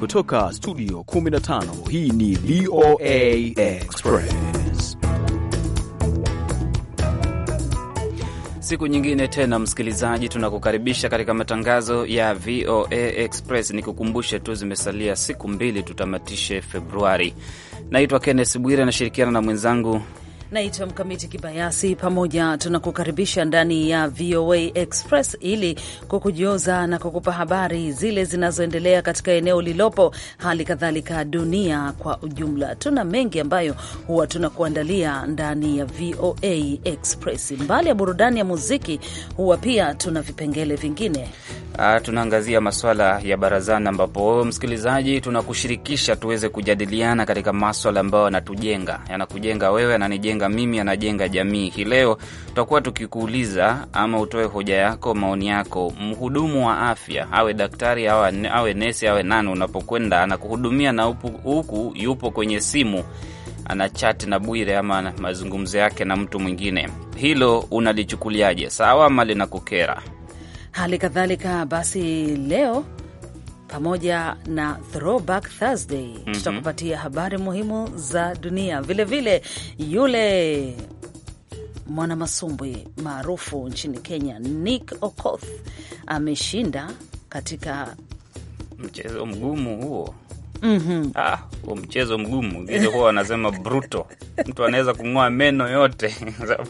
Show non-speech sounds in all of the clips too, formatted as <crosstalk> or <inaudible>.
Kutoka studio 15 hii ni VOA Express. Siku nyingine tena, msikilizaji, tunakukaribisha katika matangazo ya VOA Express. ni kukumbushe tu, zimesalia siku mbili tutamatishe Februari. Naitwa kennes Bwire, anashirikiana na mwenzangu Naitwa Mkamiti Kibayasi, pamoja tunakukaribisha ndani ya VOA Express ili kukujoza na kukupa habari zile zinazoendelea katika eneo lilopo, hali kadhalika dunia kwa ujumla. Tuna mengi ambayo huwa tunakuandalia ndani ya VOA Express. Mbali ya burudani ya muziki, huwa pia tuna vipengele vingine. Uh, tunaangazia maswala ya barazani, ambapo msikilizaji, tunakushirikisha tuweze kujadiliana katika maswala ambayo yanatujenga, yanakujenga wewe, anajenga mimi, anajenga jamii. Hii leo tutakuwa tukikuuliza ama utoe hoja yako, maoni yako. Mhudumu wa afya awe daktari awe, awe nesi awe nani, unapokwenda anakuhudumia na huku yupo kwenye simu ana chat na Bwire ama mazungumzo yake na mtu mwingine, hilo unalichukuliaje? Sawa ama linakukera? Hali kadhalika basi leo pamoja na Throwback Thursday. mm -hmm. Tutakupatia habari muhimu za dunia, vilevile vile yule mwanamasumbwi maarufu nchini Kenya Nick Okoth ameshinda katika mchezo mgumu huo mm -hmm. Ah, mchezo mgumu, wengine huwa wanasema bruto, mtu anaweza kung'oa meno yote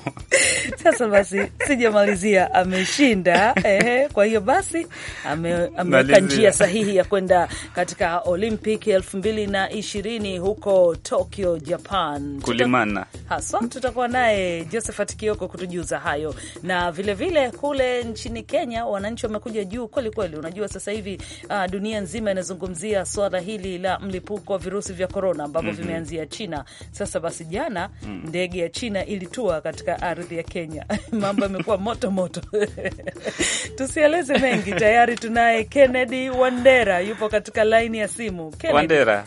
<laughs> Sasa basi, sijamalizia ameshinda. eh, kwa hiyo basi ameweka njia sahihi ya kwenda katika Olympic elfu mbili na ishirini huko Tokyo, Japan kulimana haswa. Tutakuwa naye Josephat Kioko kutujuza hayo, na vilevile vile kule nchini Kenya wananchi wamekuja juu kwelikweli. Unajua sasa hivi uh, dunia nzima inazungumzia swala hili la mlipuko wa virusi vya korona ambavyo mm -hmm. vimeanzia China. Sasa basi, jana mm. ndege ya China ilitua katika ardhi ya Kenya. <laughs> Mambo yamekuwa moto moto <laughs> tusieleze mengi, tayari tunaye Kennedy Wandera yupo katika laini ya simu. Kennedy. Wandera <laughs>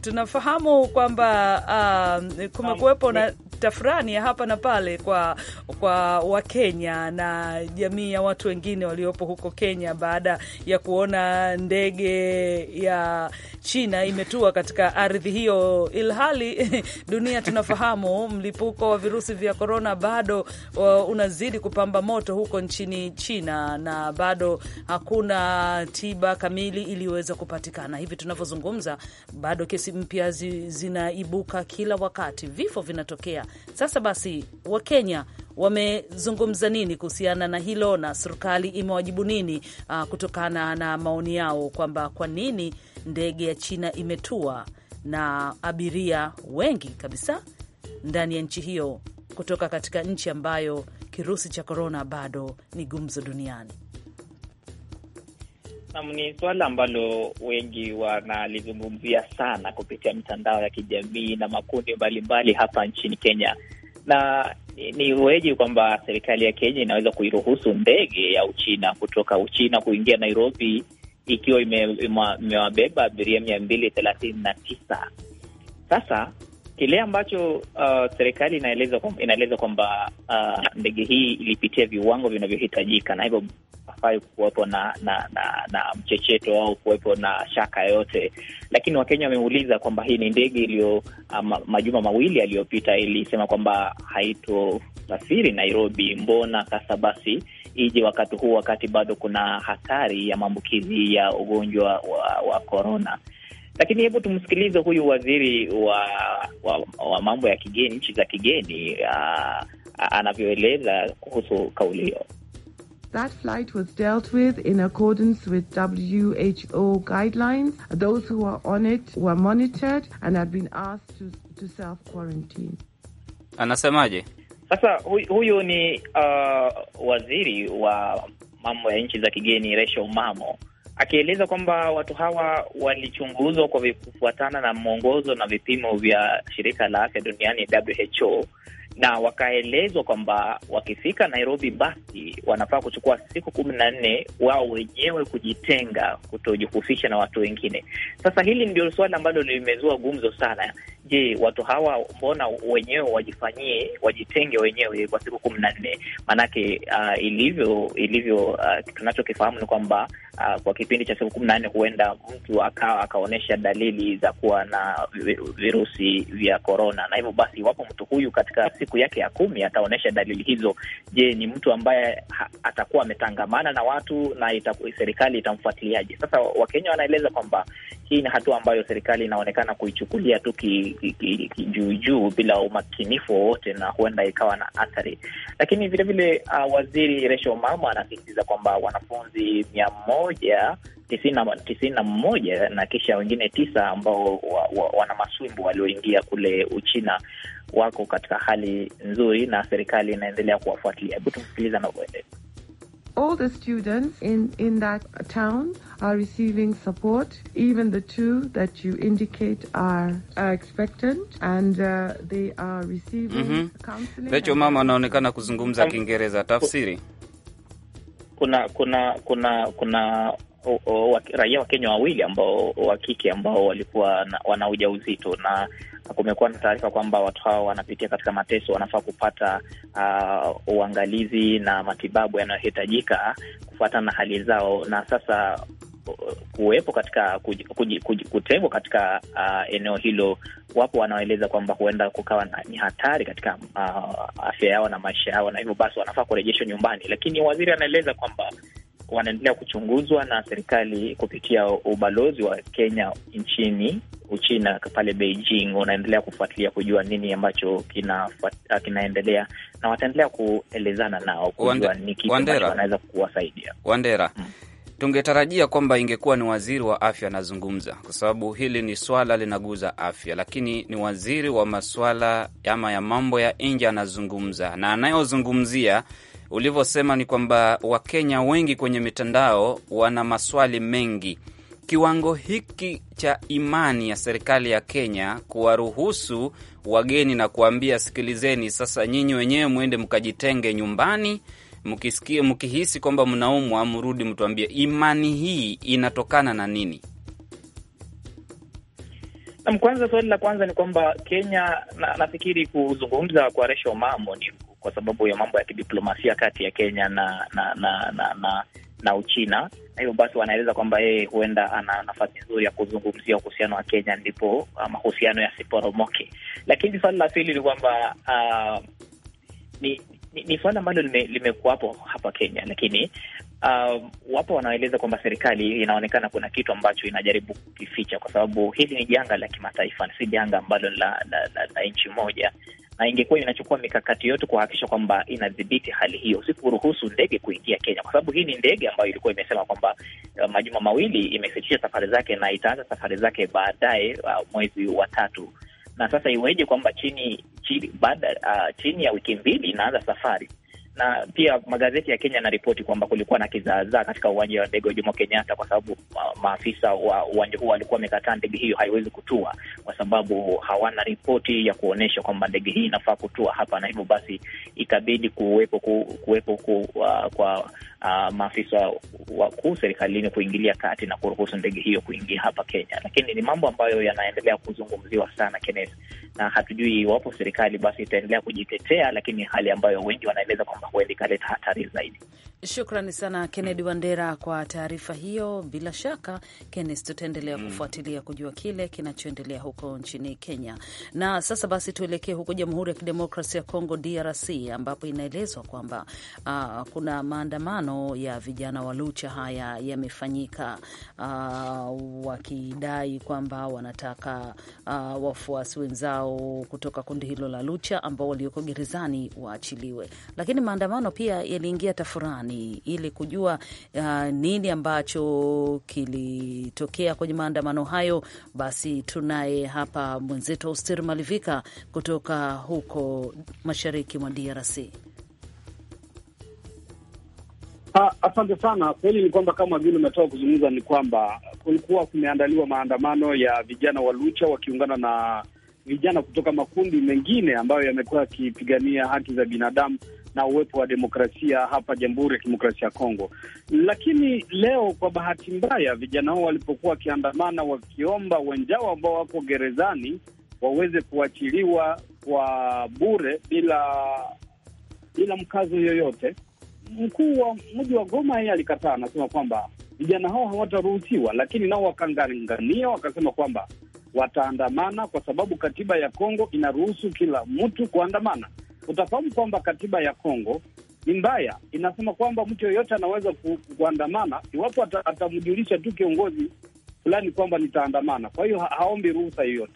tunafahamu kwamba uh, kumekuwepo na tafurani ya hapa na pale kwa kwa Wakenya na jamii ya watu wengine waliopo huko Kenya baada ya kuona ndege ya China imetua katika ardhi hiyo, ilhali <laughs> dunia tunafahamu mlipuko wa virusi vya korona bado unazidi kupamba moto huko nchini China na bado hakuna tiba kamili iliyoweza kupatikana. Hivi tunavyozungumza, bado kesi mpya zinaibuka kila wakati, vifo vinatokea sasa basi, Wakenya wamezungumza nini kuhusiana na hilo na serikali imewajibu nini uh, kutokana na maoni yao kwamba kwa nini ndege ya China imetua na abiria wengi kabisa ndani ya nchi hiyo kutoka katika nchi ambayo kirusi cha korona bado ni gumzo duniani. Naam, ni suala ambalo wengi wanalizungumzia sana kupitia mitandao ya kijamii na makundi mbalimbali hapa nchini Kenya na ni uweji kwamba serikali ya Kenya inaweza kuiruhusu ndege ya Uchina kutoka Uchina kuingia Nairobi ikiwa imewabeba ime, ime abiria mia mbili thelathini na tisa. Sasa Kile ambacho uh, serikali inaeleza inaeleza kwamba uh, ndege hii ilipitia viwango vinavyohitajika na hivyo hafai kuwepo na na, na na mchecheto au kuwepo na shaka yoyote. Lakini Wakenya wameuliza kwamba hii ni ndege iliyo uh, majuma mawili yaliyopita ilisema kwamba haitosafiri Nairobi, mbona sasa basi ije wakati huu, wakati bado kuna hatari ya maambukizi ya ugonjwa wa, wa korona? Lakini hebu tumsikilize huyu waziri wa, wa, wa mambo ya kigeni, nchi za kigeni anavyoeleza kuhusu kauli hiyo. That flight was dealt with in accordance with WHO guidelines. Those who were on it were monitored and had been asked to, to self-quarantine. Anasemaje? Sasa huyu, ni uh, waziri wa mambo ya nchi za kigeni Rachel Mamo akieleza kwamba watu hawa walichunguzwa kwa kufuatana na mwongozo na vipimo vya shirika la afya duniani WHO na wakaelezwa kwamba wakifika Nairobi basi wanafaa kuchukua siku kumi na nne wao wenyewe kujitenga, kutojihusisha na watu wengine. Sasa hili ndio suala ambalo limezua gumzo sana. Je, watu hawa mbona wenyewe wajifanyie, wajitenge wenyewe kwa siku kumi na nne? Maanake uh, ilivyo ilivyo uh, tunachokifahamu ni kwamba uh, kwa kipindi cha siku kumi na nne huenda mtu akawa akaonyesha dalili za kuwa na virusi vya korona, na hivyo basi iwapo mtu huyu katika siku yake ya kumi ataonyesha dalili hizo, je, ni mtu ambaye atakuwa ametangamana na watu na itaku, serikali itamfuatiliaje? Sasa Wakenya wanaeleza kwamba hii ni hatua ambayo serikali inaonekana kuichukulia tu kijuujuu bila umakinifu wowote, na huenda ikawa na athari. Lakini vilevile uh, waziri Resho Mama anasisitiza kwamba wanafunzi mia moja tisini na mmoja na kisha wengine tisa ambao wa, wa, wana maswimbu walioingia kule Uchina wako katika hali nzuri na serikali inaendelea kuwafuatilia. Hebu tumsikiliza na All the students in, in that town are receiving support. Even the two that you indicate are, are expectant and uh, they are receiving mm -hmm. counseling. mama anaonekana kuzungumza Kiingereza tafsiri. Kuna kuna kuna kuna raia wa Kenya wawili ambao wa kike ambao walikuwa na, wana ujauzito na kumekuwa na taarifa kwamba watu hao wanapitia katika mateso, wanafaa kupata uh, uangalizi na matibabu yanayohitajika kufuatana na hali zao, na sasa kuwepo katika kutengwa katika uh, eneo hilo, wapo wanaoeleza kwamba huenda kukawa ni hatari katika uh, afya yao na maisha yao, na hivyo basi wanafaa kurejeshwa nyumbani, lakini waziri anaeleza kwamba wanaendelea kuchunguzwa na serikali kupitia ubalozi wa Kenya nchini Uchina pale Beijing. Wanaendelea kufuatilia kujua nini ambacho kina, ah, kinaendelea na wataendelea kuelezana nao kujua ni kitu ambacho wanaweza kuwasaidia. Wandera, hmm. Tungetarajia kwamba ingekuwa ni waziri wa afya anazungumza, kwa sababu hili ni swala linaguza afya, lakini ni waziri wa maswala ama ya mambo ya nje anazungumza, na anayozungumzia ulivyosema ni kwamba Wakenya wengi kwenye mitandao wana maswali mengi. Kiwango hiki cha imani ya serikali ya Kenya kuwaruhusu wageni na kuambia sikilizeni, sasa nyinyi wenyewe mwende mkajitenge nyumbani, mkisikia mkihisi kwamba mnaumwa, mrudi mtuambie, imani hii inatokana na nini? Kwanza, swali la kwanza ni kwamba Kenya na, nafikiri kuzungumza kwa resho mamo ni kwa sababu ya mambo ya kidiplomasia kati ya Kenya na na na na, na, na Uchina. Hivyo basi wanaeleza kwamba yeye huenda ana nafasi nzuri ya kuzungumzia uhusiano wa Kenya, ndipo uh, mahusiano yasiporomoke. Lakini swali la pili ni kwamba uh, ni ni, ni swala ambalo limekuwapo lime hapa Kenya, lakini Uh, wapo wanaeleza kwamba serikali inaonekana kuna kitu ambacho inajaribu kukificha, kwa sababu hili ni janga la kimataifa, si janga ambalo la, la, la, la nchi moja, na ingekuwa inachukua mikakati yote kuhakikisha kwamba inadhibiti hali hiyo, si kuruhusu ndege kuingia Kenya, kwa sababu hii ni ndege ambayo ilikuwa imesema kwamba uh, majuma mawili imesitisha safari zake na itaanza safari zake baadaye uh, mwezi wa tatu, na sasa iweje kwamba chini chini, baada, uh, chini ya wiki mbili inaanza safari na pia magazeti ya Kenya yanaripoti kwamba kulikuwa na kizaazaa katika uwanja wa ndege wa Jomo Kenyatta kwa sababu maafisa wa uwanja huo walikuwa wamekataa ndege hiyo haiwezi kutua, kwa sababu hawana ripoti ya kuonyesha kwamba ndege hii inafaa kutua hapa, na hivyo basi ikabidi kuwepo ku, kuwepo ku, uh, kwa uh, maafisa wakuu serikalini kuingilia kati na kuruhusu ndege hiyo kuingia hapa Kenya. Lakini ni mambo ambayo yanaendelea kuzungumziwa sana Kenneth, na hatujui iwapo serikali basi itaendelea kujitetea, lakini hali ambayo wengi wanaeleza kwamba huenda ikaleta hatari zaidi. Shukrani sana Kennedy Wandera kwa taarifa hiyo. Bila shaka, Kennes, tutaendelea mm. kufuatilia kujua kile kinachoendelea huko nchini Kenya. Na sasa basi, tuelekee huko Jamhuri ya kidemokrasi ya Kongo, DRC, ambapo inaelezwa kwamba uh, kuna maandamano ya vijana wa Lucha haya yamefanyika, uh, wakidai kwamba wanataka uh, wafuasi wenzao kutoka kundi hilo la Lucha ambao walioko gerezani waachiliwe, lakini maandamano pia yaliingia tafurani Marekani ili kujua uh, nini ambacho kilitokea kwenye maandamano hayo. Basi tunaye hapa mwenzetu Austeri Malivika kutoka huko mashariki mwa DRC. Ah, asante sana. Kweli ni kwamba kama vile umetoka kuzungumza, ni kwamba kulikuwa kumeandaliwa maandamano ya vijana wa Lucha wakiungana na vijana kutoka makundi mengine ambayo yamekuwa yakipigania haki za binadamu na uwepo wa demokrasia hapa Jamhuri ya Kidemokrasia ya Kongo. Lakini leo kwa bahati mbaya, vijana hao walipokuwa wakiandamana wakiomba wenzao ambao wako gerezani waweze kuachiliwa kwa bure bila bila mkazo yoyote, mkuu wa mji wa Goma yeye alikataa, anasema kwamba vijana hao hawataruhusiwa. Lakini nao wakangangania, wakasema kwamba wataandamana kwa sababu katiba ya Kongo inaruhusu kila mtu kuandamana utafahamu kwamba katiba ya Kongo ni mbaya, inasema kwamba mtu yoyote anaweza kuandamana iwapo atamjulisha tu kiongozi fulani kwamba nitaandamana. Kwa hiyo haombi ruhusa yoyote,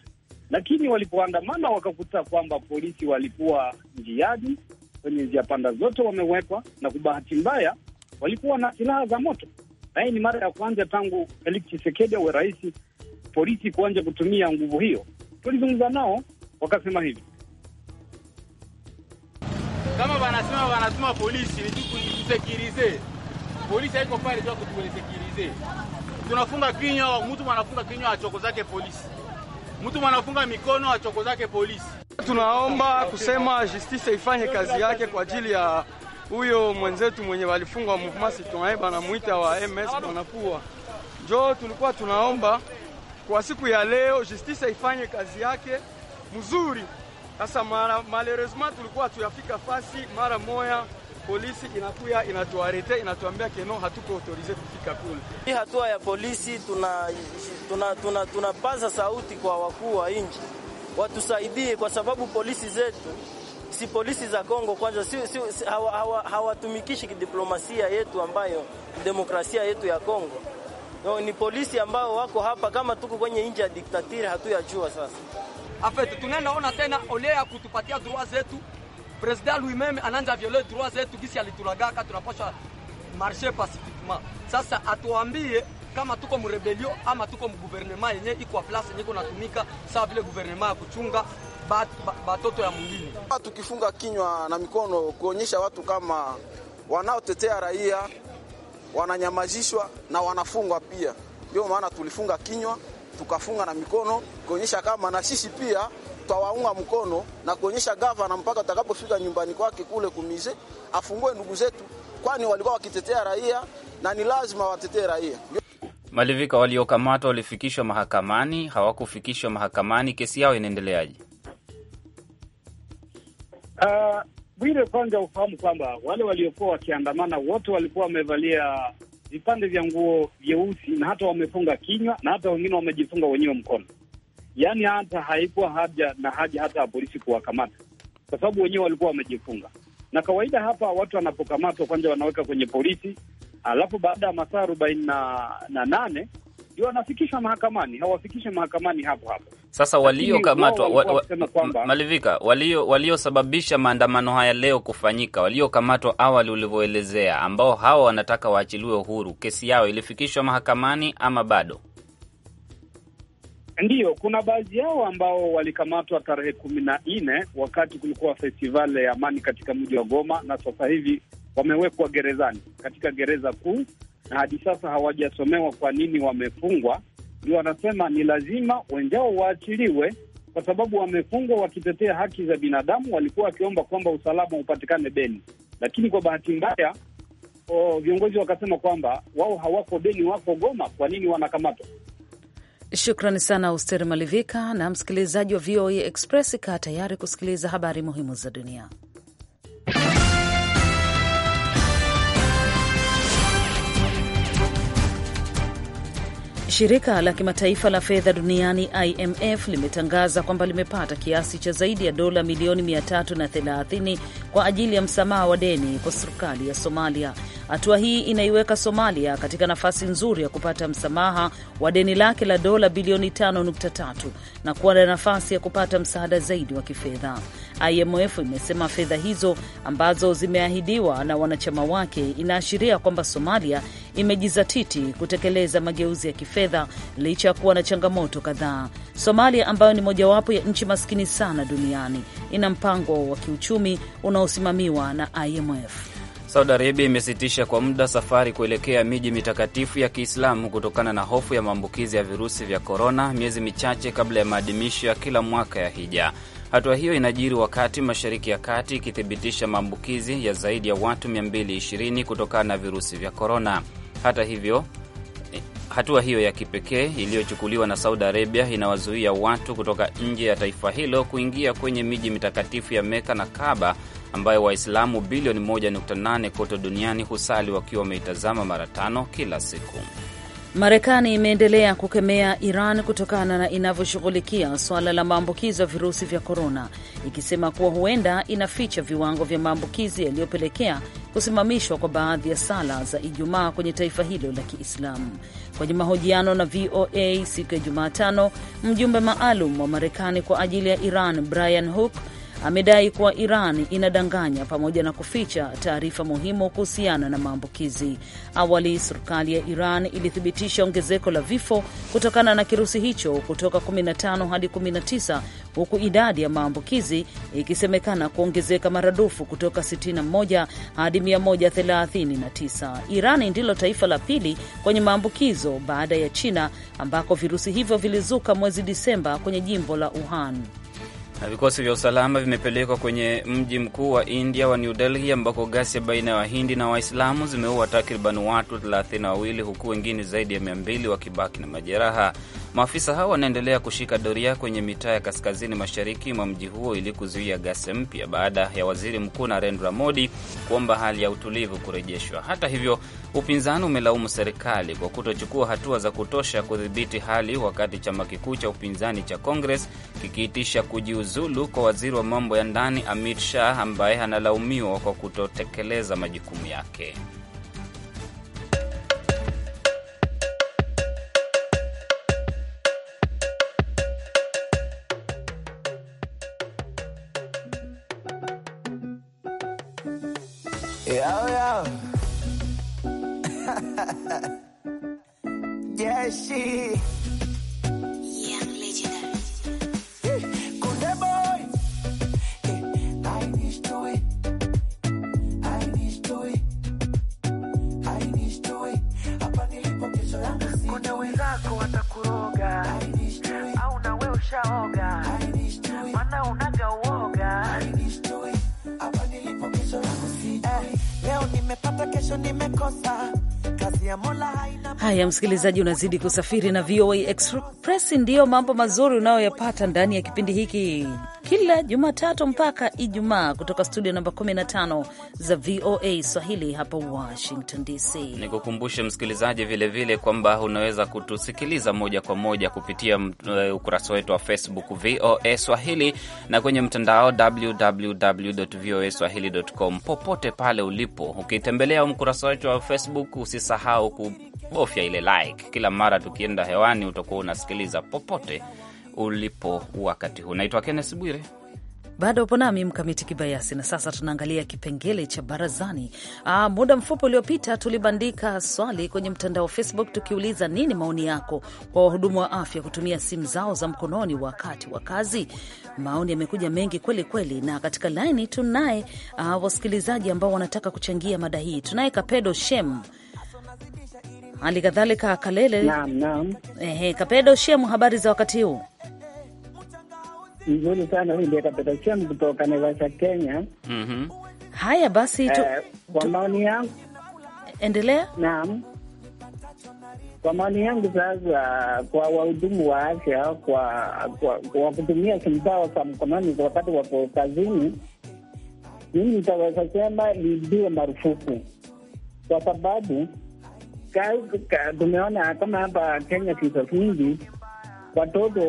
lakini walipoandamana wakakuta kwamba polisi walikuwa njiani, kwenye njia panda zote wamewekwa, na kwa bahati mbaya walikuwa na silaha za moto, na hii ni mara ya kwanza tangu Felix Tshisekedi awe rais polisi kuanja kutumia nguvu hiyo. Tulizungumza nao wakasema hivi wanasema polisi polisi haiko pale kutusekirize. Tunafunga kinywa, mtu kinywa achoko zake polisi, mtu mikono achoko zake polisi. Tunaomba kusema justice ifanye kazi yake kwa ajili ya huyo mwenzetu mwenye walifungwa Mouvement Citoyen mwita wa MS Banakuwa. Njo tulikuwa tunaomba kwa siku ya leo justice ifanye kazi yake mzuri. Sasa mara malheureusement tulikuwa tuyafika fasi mara moya, polisi inakuya inatuarete inatuambia keno hatuko autorize kufika kule. Hii hatua ya polisi tunapaza tuna, tuna, tuna sauti kwa wakuu wa nchi watusaidie, kwa sababu polisi zetu si polisi za Kongo kwanza, si, si, si, hawatumikishi hawa, hawa diplomasia yetu ambayo demokrasia yetu ya Kongo no, ni polisi ambao wako hapa kama tuko kwenye nchi ya diktatiri, hatuyajua sasa afet tunaenaona tena ya kutupatia droit zetu. President lui-meme ananja viole droit zetu gisi alitulagaka, tunapaswa marche pacifiquement. Sasa atuambie kama tuko mrebelio ama tuko mguvernema yenye iko place yenye iko natumika sawa vile guvernema ya kuchunga bat, bat, batoto ya mwingine. Tukifunga kinywa na mikono kuonyesha watu kama wanaotetea raia wananyamazishwa na wanafungwa pia, ndio maana tulifunga kinywa tukafunga na mikono kuonyesha kama na sisi pia twawaunga mkono na kuonyesha gavana mpaka atakapofika nyumbani kwake kule kumize afungue ndugu zetu, kwani walikuwa wakitetea raia na ni lazima watetee raia. Malivika, waliokamatwa walifikishwa mahakamani? Hawakufikishwa mahakamani? Kesi yao inaendeleaje? Ah, Bwire, uh, kwanza ufahamu kwamba wale waliokuwa wakiandamana wote walikuwa wamevalia vipande vya nguo vyeusi, na hata wamefunga kinywa, na hata wengine wamejifunga wenyewe mkono. Yaani hata haikuwa haja na haja hata ya polisi kuwakamata, kwa sababu wenyewe walikuwa wamejifunga. Na kawaida hapa watu wanapokamatwa, kwanza wanaweka kwenye polisi, alafu baada ya masaa arobaini na nane ndio wanafikishwa mahakamani, hawafikishwi mahakamani hapo hapo. Sasa waliokamatwa malivika walio waliosababisha maandamano haya leo kufanyika, waliokamatwa awali ulivyoelezea, ambao hawa wanataka waachiliwe uhuru, kesi yao ilifikishwa mahakamani ama bado? Ndiyo, kuna baadhi yao ambao walikamatwa tarehe kumi na nne wakati kulikuwa festivale ya amani katika mji wa Goma, na sasa hivi wamewekwa gerezani katika gereza kuu na hadi sasa hawajasomewa kwa nini wamefungwa. Ndio wanasema ni lazima wenzao waachiliwe kwa sababu wamefungwa wakitetea haki za binadamu. Walikuwa wakiomba kwamba usalama upatikane Beni, lakini kwa bahati mbaya viongozi wakasema kwamba wao hawako Beni, wako Goma. Kwa nini wanakamatwa? Shukrani sana Usteri Malivika. Na msikilizaji wa VOA e Express, kaa tayari kusikiliza habari muhimu za dunia. Shirika la kimataifa la fedha duniani IMF limetangaza kwamba limepata kiasi cha zaidi ya dola milioni 330 kwa ajili ya msamaha wa deni kwa serikali ya Somalia Hatua hii inaiweka Somalia katika nafasi nzuri ya kupata msamaha wa deni lake la dola bilioni 5.3 na kuwa na nafasi ya kupata msaada zaidi wa kifedha. IMF imesema fedha hizo ambazo zimeahidiwa na wanachama wake inaashiria kwamba Somalia imejizatiti kutekeleza mageuzi ya kifedha licha ya kuwa na changamoto kadhaa. Somalia ambayo ni mojawapo ya nchi maskini sana duniani ina mpango wa kiuchumi unaosimamiwa na IMF. Saudi Arabia imesitisha kwa muda safari kuelekea miji mitakatifu ya Kiislamu kutokana na hofu ya maambukizi ya virusi vya korona, miezi michache kabla ya maadhimisho ya kila mwaka ya hija. Hatua hiyo inajiri wakati Mashariki ya Kati ikithibitisha maambukizi ya zaidi ya watu 220 kutokana na virusi vya korona. Hata hivyo, eh, hatua hiyo ya kipekee iliyochukuliwa na Saudi Arabia inawazuia watu kutoka nje ya taifa hilo kuingia kwenye miji mitakatifu ya Meka na kaba ambayo Waislamu bilioni 1.8 kote duniani husali wakiwa wameitazama mara tano kila siku. Marekani imeendelea kukemea Iran kutokana na inavyoshughulikia suala la maambukizo ya virusi vya korona, ikisema kuwa huenda inaficha viwango vya maambukizi yaliyopelekea kusimamishwa kwa baadhi ya sala za Ijumaa kwenye taifa hilo la Kiislamu. Kwenye mahojiano na VOA siku ya Jumatano, mjumbe maalum wa Marekani kwa ajili ya Iran Brian Hook amedai kuwa Iran inadanganya pamoja na kuficha taarifa muhimu kuhusiana na maambukizi. Awali serikali ya Iran ilithibitisha ongezeko la vifo kutokana na kirusi hicho kutoka 15 hadi 19 huku idadi ya maambukizi ikisemekana kuongezeka maradufu kutoka 61 hadi 139. Irani ndilo taifa la pili kwenye maambukizo baada ya China ambako virusi hivyo vilizuka mwezi Disemba kwenye jimbo la Wuhan na vikosi vya usalama vimepelekwa kwenye mji mkuu wa India wa New Delhi ambako ghasia baina ya Wahindi na Waislamu zimeua takriban watu 32 huku wengine zaidi ya 200 wakibaki na majeraha. Maafisa hao wanaendelea kushika doria kwenye mitaa ya kaskazini mashariki mwa mji huo ili kuzuia ghasia mpya baada ya waziri mkuu Narendra Modi kuomba hali ya utulivu kurejeshwa. Hata hivyo, upinzani umelaumu serikali kwa kutochukua hatua za kutosha kudhibiti hali, wakati chama kikuu cha upinzani cha Congress kikiitisha kujiuzulu kwa waziri wa mambo ya ndani Amit Shah ambaye analaumiwa kwa kutotekeleza majukumu yake. Haya, msikilizaji, unazidi kusafiri na VOA Express. Ndiyo mambo mazuri unayoyapata ndani ya kipindi hiki kila Jumatatu mpaka Ijumaa kutoka studio namba 15 za VOA Swahili hapa Washington DC. Nikukumbushe msikilizaji vilevile kwamba unaweza kutusikiliza moja kwa moja kupitia mm, eh, ukurasa wetu wa Facebook VOA Swahili na kwenye mtandao www voa swahili.com. Popote pale ulipo, ukitembelea ukurasa wetu wa Facebook usisahau kubofya ile like. Kila mara tukienda hewani utakuwa unasikiliza popote ulipo wakati huu. Naitwa Kennes Bwire, bado upo nami Mkamiti Kibayasi, na sasa tunaangalia kipengele cha barazani. Aa, ah, muda mfupi uliopita tulibandika swali kwenye mtandao wa Facebook tukiuliza nini maoni yako kwa wahudumu wa afya kutumia simu zao za mkononi wakati wa kazi. Maoni yamekuja mengi kweli kweli, na katika laini tunaye ah, wasikilizaji ambao wanataka kuchangia mada hii. Tunaye Kapedo Shem hali kadhalika Kalele. Naam, naam. Ehe, Kapedo Shemu, habari za wakati huu? Nzuri sana, huyu ndiye Kapedo Shemu kutoka Naivasha, Kenya. mm -hmm. Haya basi tu, eh, kwa maoni yangu endelea. Naam, kwa maoni yangu sasa, kwa wahudumu wa afya kwa, kwa, kwa kutumia simu zao za mkononi wakati wako kazini, mimi nitaweza sema liibiwe marufuku kwa sababu tumeona kama hapa Kenya visa vingi watoto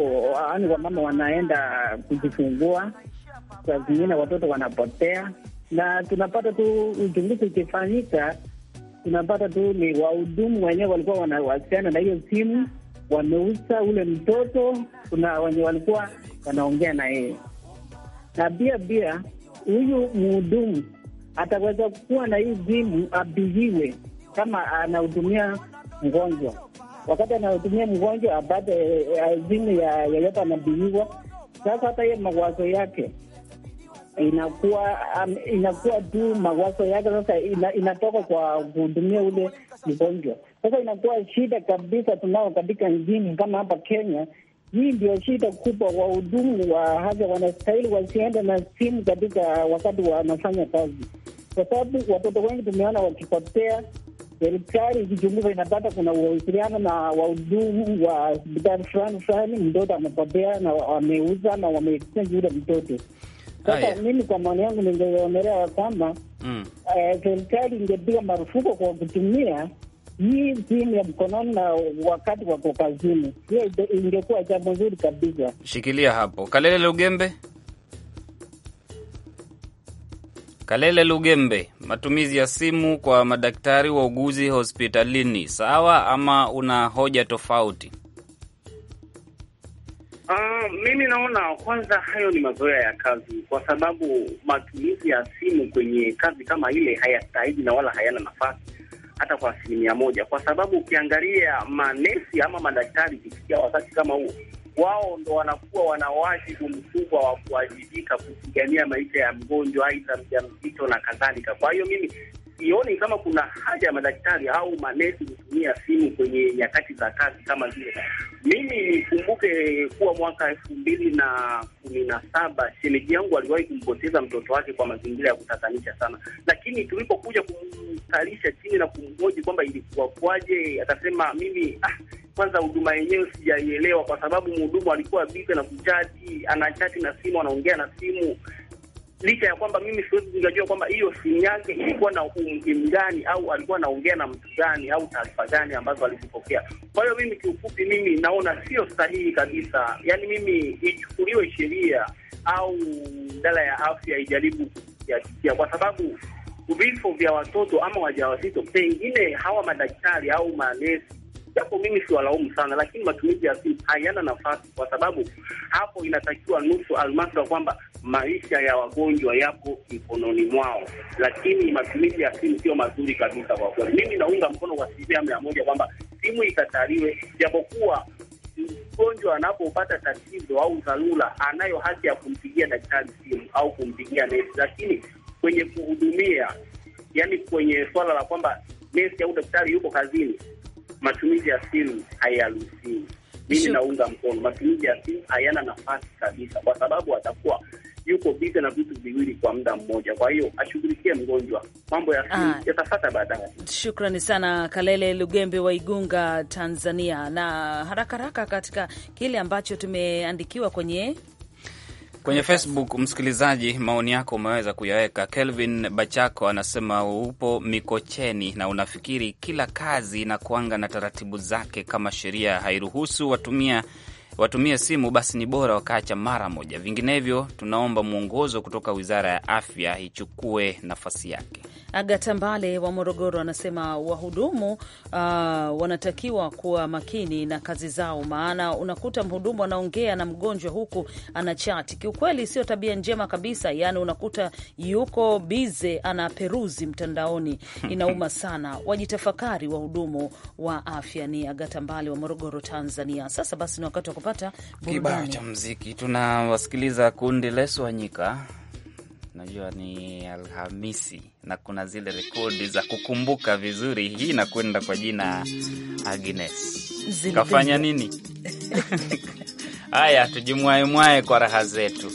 ani wamama wanaenda kujifungua, saa zingine watoto wanapotea, na tunapata tu uchunguzi ukifanyika, tunapata tu ni wahudumu wenyewe walikuwa wanawasiliana na hiyo simu, wameusa ule mtoto, kuna wenye walikuwa wanaongea na yeye, na pia pia huyu mhudumu ataweza kuwa na hii simu abihiwe kama anahudumia mgonjwa. Wakati anahudumia mgonjwa apate eh, eh, azimu ya yeyote anabiiwa. Sasa hata hiye mawazo yake inakuwa um, inakuwa tu mawazo yake sasa ina, inatoka kwa kuhudumia ule mgonjwa. Sasa inakuwa shida kabisa tunao katika nchini kama hapa Kenya. Hii ndio shida kubwa. Wahudumu wa afya wanastahili wasiende na simu katika wakati wanafanya kazi, kwa sababu watoto wengi tumeona wakipotea serikali yaani ikichunguza inapata kuna uhusiano na wahudumu wa hospitali fulani fulani, mtoto amepotea na wameuza na wameexchange yule mtoto. Ah, Sasa mimi kwa maoni yangu ningeonelea kwamba mm. eh, serikali ingepiga marufuku kwa kutumia hii simu ya mkononi na wakati wako kazini. Hiyo ingekuwa jambo nzuri kabisa. Shikilia hapo, Kalele Lugembe. Kalele Lugembe, matumizi ya simu kwa madaktari wa uguzi hospitalini sawa ama una hoja tofauti? Uh, mimi naona kwanza hayo ni mazoea ya kazi, kwa sababu matumizi ya simu kwenye kazi kama ile hayastahili na wala hayana nafasi hata kwa asilimia moja, kwa sababu ukiangalia manesi ama madaktari kufikia wakati kama huo wao ndo wanakuwa wana wajibu mkubwa wa kuwajibika kupigania maisha ya mgonjwa, aidha mjamzito na kadhalika. Kwa hiyo mimi sioni kama kuna haja ya madaktari au manesi kutumia simu kwenye nyakati za kazi kama zile. Mimi nikumbuke kuwa mwaka elfu mbili na kumi na saba shemeji yangu aliwahi kumpoteza mtoto wake kwa mazingira ya kutatanisha sana, lakini tulipokuja kumkalisha chini na kumhoji kwamba ilikuwa kwaje, akasema mimi ah, kwanza huduma yenyewe sijaielewa, kwa sababu mhudumu alikuwa bize na kuchati, anachati na simu, anaongea na simu, licha ya kwamba mimi siwezi nikajua kwamba hiyo simu yake ilikuwa na umuhimu gani, au alikuwa anaongea na mtu gani, au taarifa gani ambazo alizipokea. Kwa hiyo mimi, kiufupi, mimi naona sio sahihi kabisa. Yani mimi ichukuliwe sheria au idara ya afya ijaribu kuiafikia, kwa sababu vifo vya watoto ama wajawazito, pengine hawa madaktari au manesi japo mimi siwalaumu sana, lakini matumizi ya simu hayana nafasi, kwa sababu hapo inatakiwa nusu almasra kwamba maisha ya wagonjwa yapo mkononi mwao, lakini matumizi ya simu sio mazuri kabisa kwa kweli. Mimi naunga mkono kwa asilimia mia moja kwamba simu ikataliwe, japokuwa mgonjwa anapopata tatizo au dharura, anayo haki ya kumpigia daktari simu au kumpigia nesi, lakini kwenye kuhudumia, yani kwenye swala la kwamba nesi au daktari yuko kazini, matumizi ya simu hayaruhusiwi. Mimi naunga mkono, matumizi ya simu hayana nafasi kabisa, kwa sababu atakuwa yuko bize na vitu viwili kwa muda mmoja. Kwa hiyo ashughulikie mgonjwa, mambo ya simu ah. yatafata baadaye. Shukrani sana Kalele Lugembe wa Igunga, Tanzania. Na haraka haraka katika kile ambacho tumeandikiwa kwenye Kwenye Facebook, msikilizaji, maoni yako umeweza kuyaweka. Kelvin Bachako anasema upo Mikocheni na unafikiri kila kazi inakuanga na taratibu zake, kama sheria hairuhusu watumia watumie simu basi ni bora wakaacha mara moja, vinginevyo tunaomba mwongozo kutoka Wizara ya Afya ichukue nafasi yake. Agata Mbale wa Morogoro anasema wahudumu uh, wanatakiwa kuwa makini na kazi zao, maana unakuta mhudumu anaongea na mgonjwa huku ana chati Kiukweli sio tabia njema kabisa, yaani unakuta yuko bize ana peruzi mtandaoni, <laughs> inauma sana. Wajitafakari wahudumu wa afya. Ni Agata Mbale wa Morogoro, Tanzania. Sasa basi, ni wakati wa kupata kibao cha mziki. Tunawasikiliza kundi Leso Unajua ni Alhamisi na kuna zile rekodi za kukumbuka vizuri. Hii inakwenda kwa jina Agnes, kafanya nini? <laughs> Haya, tujimwaemwae kwa raha zetu.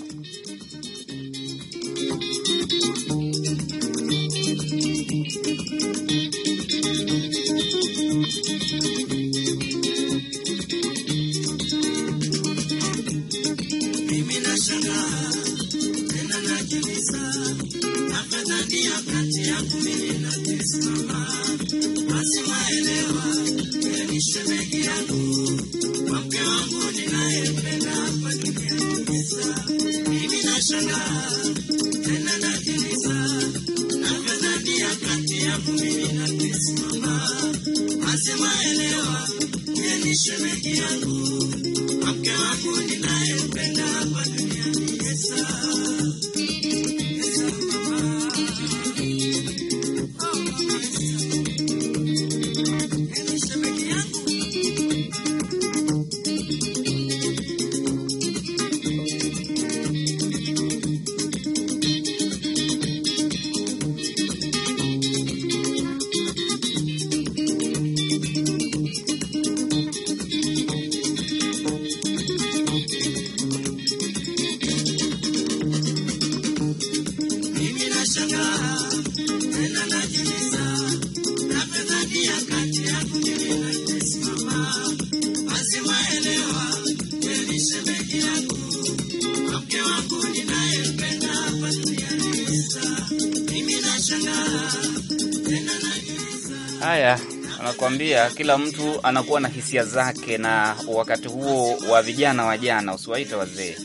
nakwambia kila mtu anakuwa na hisia zake, na wakati huo wa vijana wa jana, usiwaite wazee,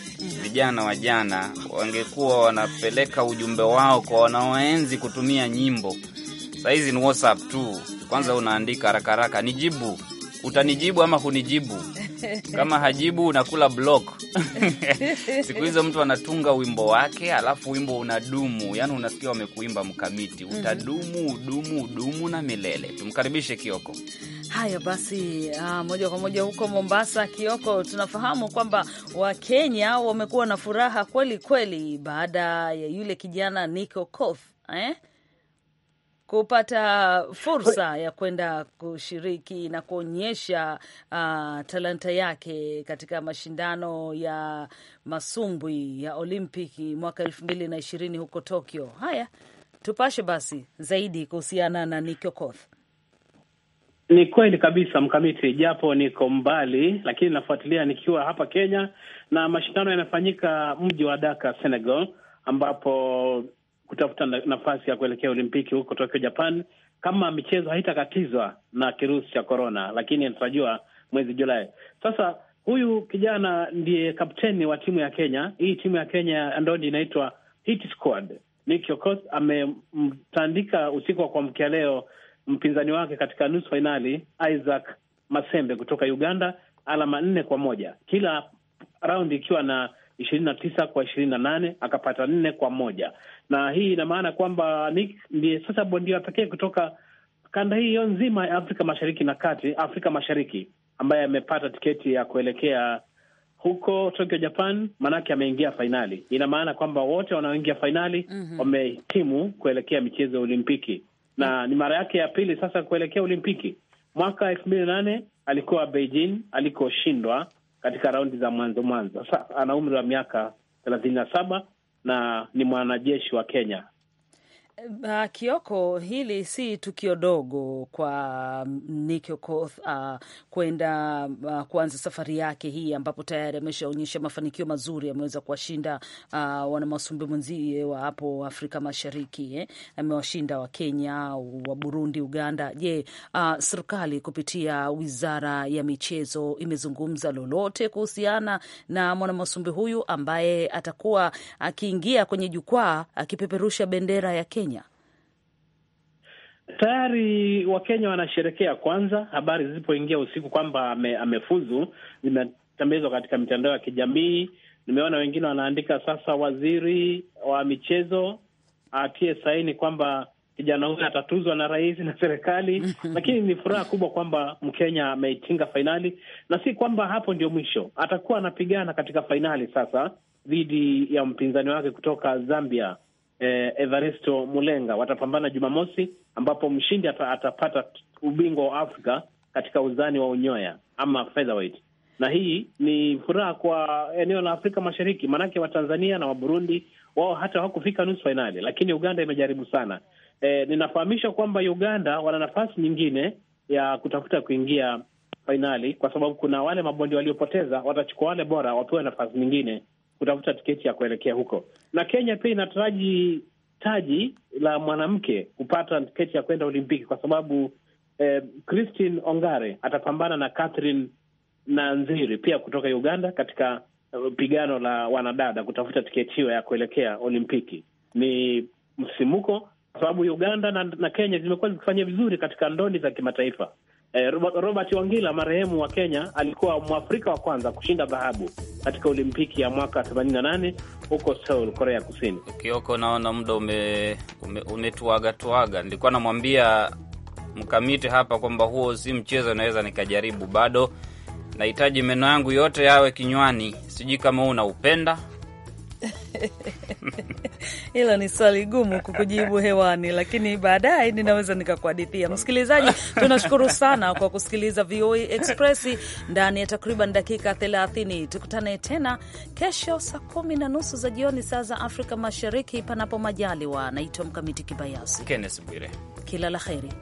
vijana wa jana wangekuwa wanapeleka ujumbe wao kwa wanaoenzi kutumia nyimbo. Sahizi ni WhatsApp tu, kwanza unaandika haraka haraka, nijibu, utanijibu ama hunijibu kama hajibu unakula block. <laughs> Siku hizo mtu anatunga wimbo wake, alafu wimbo unadumu, yani unasikia wamekuimba mkamiti, mhm. utadumu udumu udumu na milele. Tumkaribishe Kioko. Haya basi, ah, moja kwa moja huko Mombasa. Kioko, tunafahamu kwamba Wakenya wamekuwa na furaha kweli kweli baada ya yule kijana Nico eh kupata fursa ya kwenda kushiriki na kuonyesha uh, talanta yake katika mashindano ya masumbwi ya Olimpiki mwaka elfu mbili na ishirini huko Tokyo. Haya, tupashe basi zaidi kuhusiana na Nikokoth. Ni kweli kabisa Mkamiti, japo niko mbali, lakini nafuatilia nikiwa hapa Kenya, na mashindano yanafanyika mji wa Dakar, Senegal, ambapo kutafuta nafasi ya kuelekea Olimpiki huko Tokyo, Japan, kama michezo haitakatizwa na kirusi cha korona, lakini inatarajiwa mwezi Julai. Sasa huyu kijana ndiye kapteni wa timu ya Kenya. Hii timu ya Kenya ya inaitwa Hit Squad. Nick amemtandika usiku wa kuamkia leo mpinzani wake katika nusu fainali Isaac Masembe kutoka Uganda, alama nne kwa moja, kila raundi ikiwa na ishirini na tisa kwa ishirini na nane akapata nne kwa moja na hii ina maana kwamba Nick ndiye sasa bondia pekee kutoka kanda hiyo nzima ya Afrika Mashariki na Kati, Afrika Mashariki ambaye amepata tiketi ya kuelekea huko Tokyo, Japan, maanake ameingia fainali. Ina maana kwamba wote wanaoingia fainali mm -hmm. wamehitimu kuelekea michezo ya Olimpiki na mm -hmm. ni mara yake ya pili sasa kuelekea Olimpiki. Mwaka elfu mbili na nane alikuwa Beijing alikoshindwa katika raundi za mwanzo mwanzo. Sasa ana umri wa miaka thelathini na saba na ni mwanajeshi wa Kenya. Uh, Kioko, hili si tukio dogo kwa Nico uh, ah, kwenda uh, kuanza safari yake hii ambapo tayari ameshaonyesha mafanikio mazuri, ameweza kuwashinda uh, ah, wanamasumbi mwenzie wa hapo Afrika Mashariki eh. Amewashinda wa Kenya, wa Burundi, Uganda. Je, uh, serikali kupitia wizara ya michezo imezungumza lolote kuhusiana na mwanamasumbi huyu ambaye atakuwa akiingia kwenye jukwaa akipeperusha bendera ya Kenya? Tayari Wakenya wanasherekea kwanza, habari zilipoingia usiku kwamba ame, amefuzu zimetambizwa katika mitandao ya kijamii. Nimeona wengine wanaandika sasa, waziri wa michezo atie saini kwamba kijana huyo atatuzwa na rais na serikali. <laughs> Lakini ni furaha kubwa kwamba Mkenya ameitinga fainali, na si kwamba hapo ndio mwisho. Atakuwa anapigana katika fainali sasa dhidi ya mpinzani wake kutoka Zambia, eh, Evaristo Mulenga watapambana Jumamosi, ambapo mshindi atapata ubingwa wa Afrika katika uzani wa unyoya ama featherweight, na hii ni furaha kwa eneo la Afrika Mashariki, maanake Watanzania na Waburundi wao hata hawakufika nusu fainali, lakini Uganda imejaribu sana. Eh, ninafahamisha kwamba Uganda wana nafasi nyingine ya kutafuta kuingia fainali kwa sababu kuna wale mabondi waliopoteza watachukua wale bora wapewe nafasi nyingine kutafuta tiketi ya kuelekea huko, na Kenya pia inataraji taji la mwanamke kupata tiketi ya kwenda Olimpiki kwa sababu eh, Christine Ongare atapambana na Catherine Nanziri pia kutoka Uganda katika eh, pigano la wanadada kutafuta tiketi hiyo ya kuelekea Olimpiki. Ni msimuko kwa sababu Uganda na, na Kenya zimekuwa zikifanya vizuri katika ndondi za kimataifa. Eh, Robert Wangila marehemu wa Kenya alikuwa Mwafrika wa kwanza kushinda dhahabu katika Olimpiki ya mwaka 88 huko Seoul, Korea Kusini. Kioko, naona muda umetuagatuaga ume, nilikuwa namwambia mkamiti hapa kwamba huo si mchezo, naweza nikajaribu bado nahitaji meno yangu yote yawe kinywani. Sijui kama huu naupenda <laughs> Hilo ni swali gumu kukujibu hewani, lakini baadaye ninaweza nikakuhadithia. Msikilizaji, tunashukuru sana kwa kusikiliza VOA e Express ndani ya takriban dakika 30. Tukutane tena kesho saa kumi na nusu za jioni, saa za Afrika Mashariki, panapo majaliwa. Naitwa Mkamiti Kibayasi, Kenneth Bwire, kila la heri.